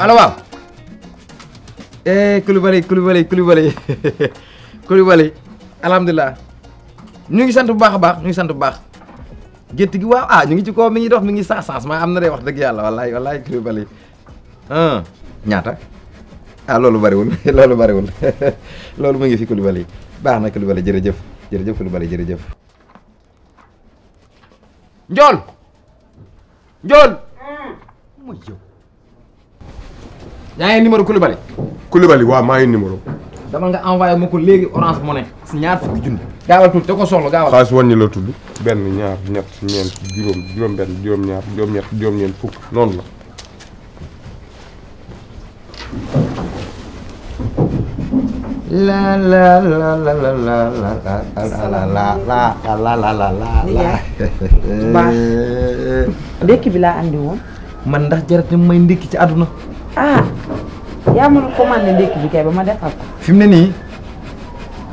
allo waaw. Eh, Koulibaly Koulibaly Koulibaly Koulibaly alhamdulilah ñu ngi sant bu baax a baax ñu ngi sant bu baax. gétt gi waaw ah, ñu ngi ci kaw mi ngi dox mi ngi sans sans maa am na day wax dëgg yàlla wallaay wallaay Koulibaly ñaata. ah loolu bariwul loolu bariwul loolu mu ngi fi Koulibaly baax na Koulibaly jërëjëf jërëjëf Koulibaly jërëjëf. Njool. Njool. Hmm. mooy yow. yaa ngi numéro Koulibaly. Koulibaly waaw maa ngi numéro. dama nga envoyé ma ko léegi orange money si ñaar fukki junni. gaawal tuuti da ko soxla gaawal. xaalis wàññi la tudd. benn ñaar ñett ñeent juróom juróom benn juróom ñaar juróom ñett juróom ñeent fukk noonu la. la la la la la la la la ndekki bi laa andi woon. man ndax jarat may ndekki ci àdduna. ah. yaa mën a commandé ndékki bi kay ba ma def ko. fi mu ne nii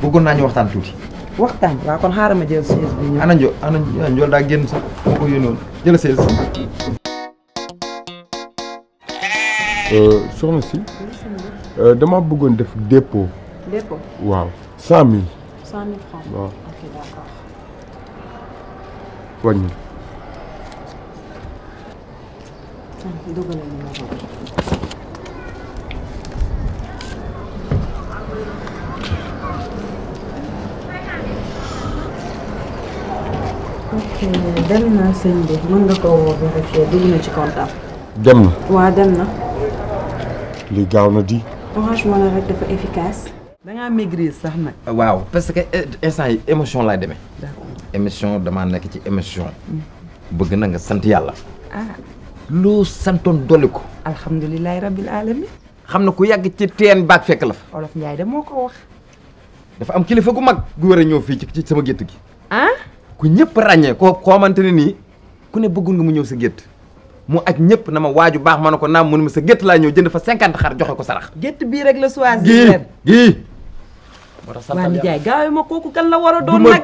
bëggoon naa ñu waxtaan tuuti. waxtaan waaw kon xaaral ma jël chaise bi ñëw. ana njool daa génn sax moo ko yónnoon jël chaise. Euh, soxna si. Euh, dama bëggoon def dépôt. waaw cent waaw ok d'accord. ok dem na sëñ bi mën nga ko woo vérifier dugg na ci comptable. dem na. waaw dem na. li gaaw na di. orange money rek dafa efficace. da ngaa sax nag. waaw parce que eh, instant yi émotion laay demee. émotion damaa nekk ci émotion. Mm. bëgg na nga sant yàlla. ah loo santoon dolli ko. alhamdulilah rabil alamin xam na ku yàgg ci teen baag fekk la fa. olof Ndiaye de moo ko wax. dafa am kilifa gu mag gu war a ñëw fii ci sama gétt gi. ah. ku ñëpp ràññee ko koo xamante ne nii ku ne bëggoon nga mu ñëw sa gétt mu aj ñëpp na ma waaju baax ma ne ko naam mënuma sa gétt laa ñëw jënd fa cinquante xar joxe ko sarax gétt bii rek la choisir gii moo tax waa Ndiaye ma kooku kan la war a doon nag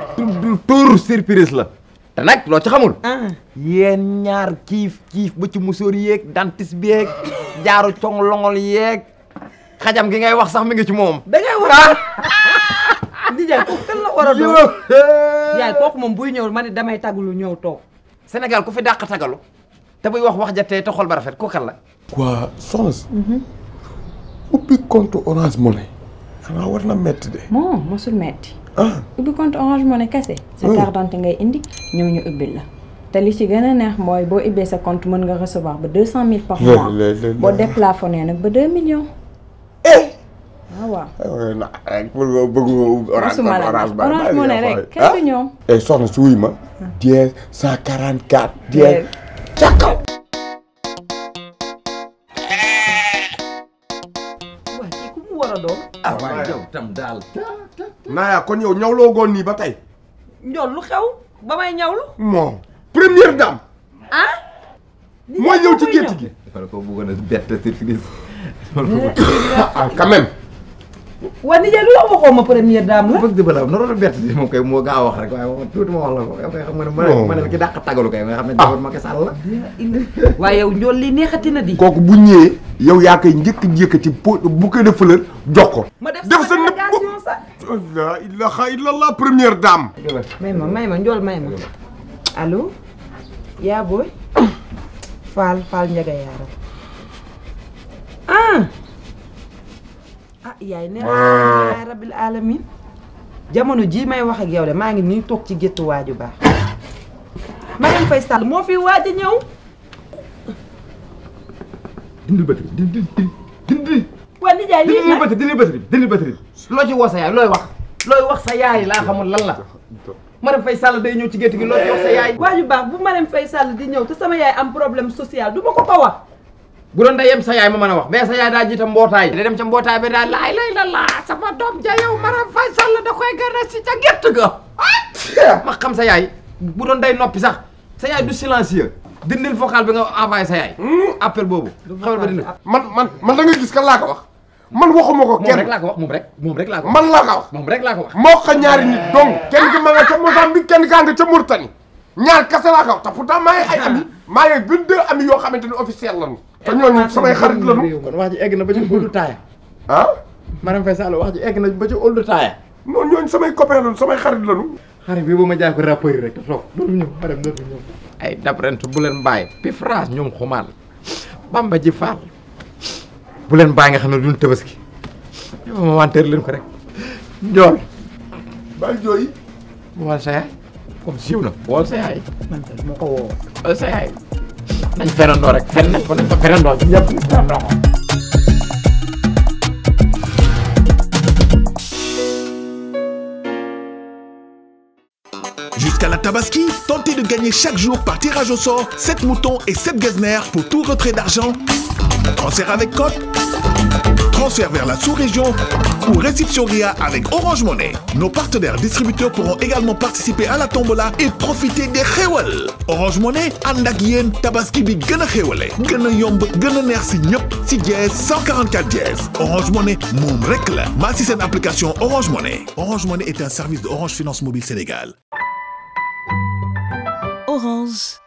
tour surprise la te nag loo ci xamul ah. yéen ñaar kiif kiif ba ci musóor yéeg dentiste bi jaaru cong longol yeeg xajam gi ngay wax sax mi ngi ci moom da ngay wax ah! tey kooku kan la war a doon moom buy ñëw ma ne damay tàgg tagalu ñëw toog. Sénégal ku fi dàq tagalu te buy wax wax ja tey te xol ba rafet ko kan la. quoi Songe. Mm-hmm. ubbi compte Orange Money. xanaa war na metti de. non mosul metti. Ah. ubbi compte Orange Money kese. sa ah. carte d'identité ngay indi ñëw ñu ubbil la. te li ci gën a neex mooy boo ubbee sa compte mën nga recevoir ba deux cent mille par mois. boo déplafonné nag ba deux millions. Eh! Ah, waaw bëgg nga orange orange ba orange moo ne rek kenn du ah, eh, ma ah. dièse cent quarante quatre dièse ca kaw waa kii ku mu war a ba tey njool lu ba may ñawlu non première dame ah mooy ñëw ci gétt gi waa ni lu la waxoo ma première dame la. bëgg balaa naroon na bett moom kay moo gaa wax rek waaye oh. ah. na bu ñëwee yow yaa koy njëkk njëkkati po bouquet de fleur ko. ma def sa délégation sax oh, la ilaha illallah première dame. may ma may ma njool may ma allo. yaa booy. Fall Fall Ndiaga Yaaram ah. ah yaay ne yaay rabbil alamin jamono jii may wax ak de maa ngi nii toog ci géttu waaju baax Marième fay Sall moo fi waaj a ñëw dindil batterie dindil dindil waa nijaay lii nag dindil batterie dindil batterie loo ci woo sa yaay looy wax looy wax sa yaay laa xamul lan la Marième fay Sall day ñëw ci gétt gi loo wax sa yaay waaju baax bu Marième fay Sall di ñëw te sama yaay am problème social du ma ko ko wax bu doon day yem sa yaay ma mën a wax mais sa yaay daa jiite mbootaay da dem ca mbootaay ba daal laay lay la laa sama doom ja yow Marème Faye Sall da koy gën a si ca gerte ga ma xam sa yaay bu doon day noppi sax sa yaay du silencieux dindil vocal bi nga envoyé sa yaay hmm. appel boobu xamal ba man man man nga gis kan laa wax man waxuma ko kenn moom rek laa ko wax moom rek moom rek laa ko wax man laa ko moom rek laa ko wax moo ko kenn ma nga ca Mozambique kenn kaa nga ca Mauritanie ñaar kese laa ko wax te pourtant maa ngi ay ami maa ngi vingt ami yoo xamante ne officiel lañu te ñooñu samay xarit lañu. kon wax ji egg na ba ci oldu taaya. ah. Marème Faye wax ji egg na ba ci oldu taaya. ñooñu samay copain lañu samay xarit lañu. xarit bi bu ma jaay ko rek te toog dootu ñëw bu leen bàyyi. pi phrase ñoom xumaan bamba ji faal. bu leen bàyyi nga xam ne duñ tabaski. yow ma wanteer leen ko rek. njool. bàyyi jooyi. wal sa yaay. comme siiw na. wal sa yaay. wal sa yaay. nañ ferandoo rek fenn nañ fa ferandoo ñëpp nañ ferandoo ko Jusqu'à la Tabaski, tentez de gagner chaque jour par tirage au sort 7 moutons et 7 gazinières pour tout retrait d'argent. Transfert avec code Transfert vers la sous-région ou réception RIA avec Orange Monnaie. Nos partenaires distributeurs pourront également participer à la tombola et profiter des xéewal. Orange Monnaie ànd ak yéen tabaski bi gën a xéewale gën a yomb gën a neex si ñëpp si jees 144 jees Orange Monnaie moom rek la maa si seen application Orange Monnaie. Orange Monnaie est un service de Orange Finance Mobile Sénégal. Orange.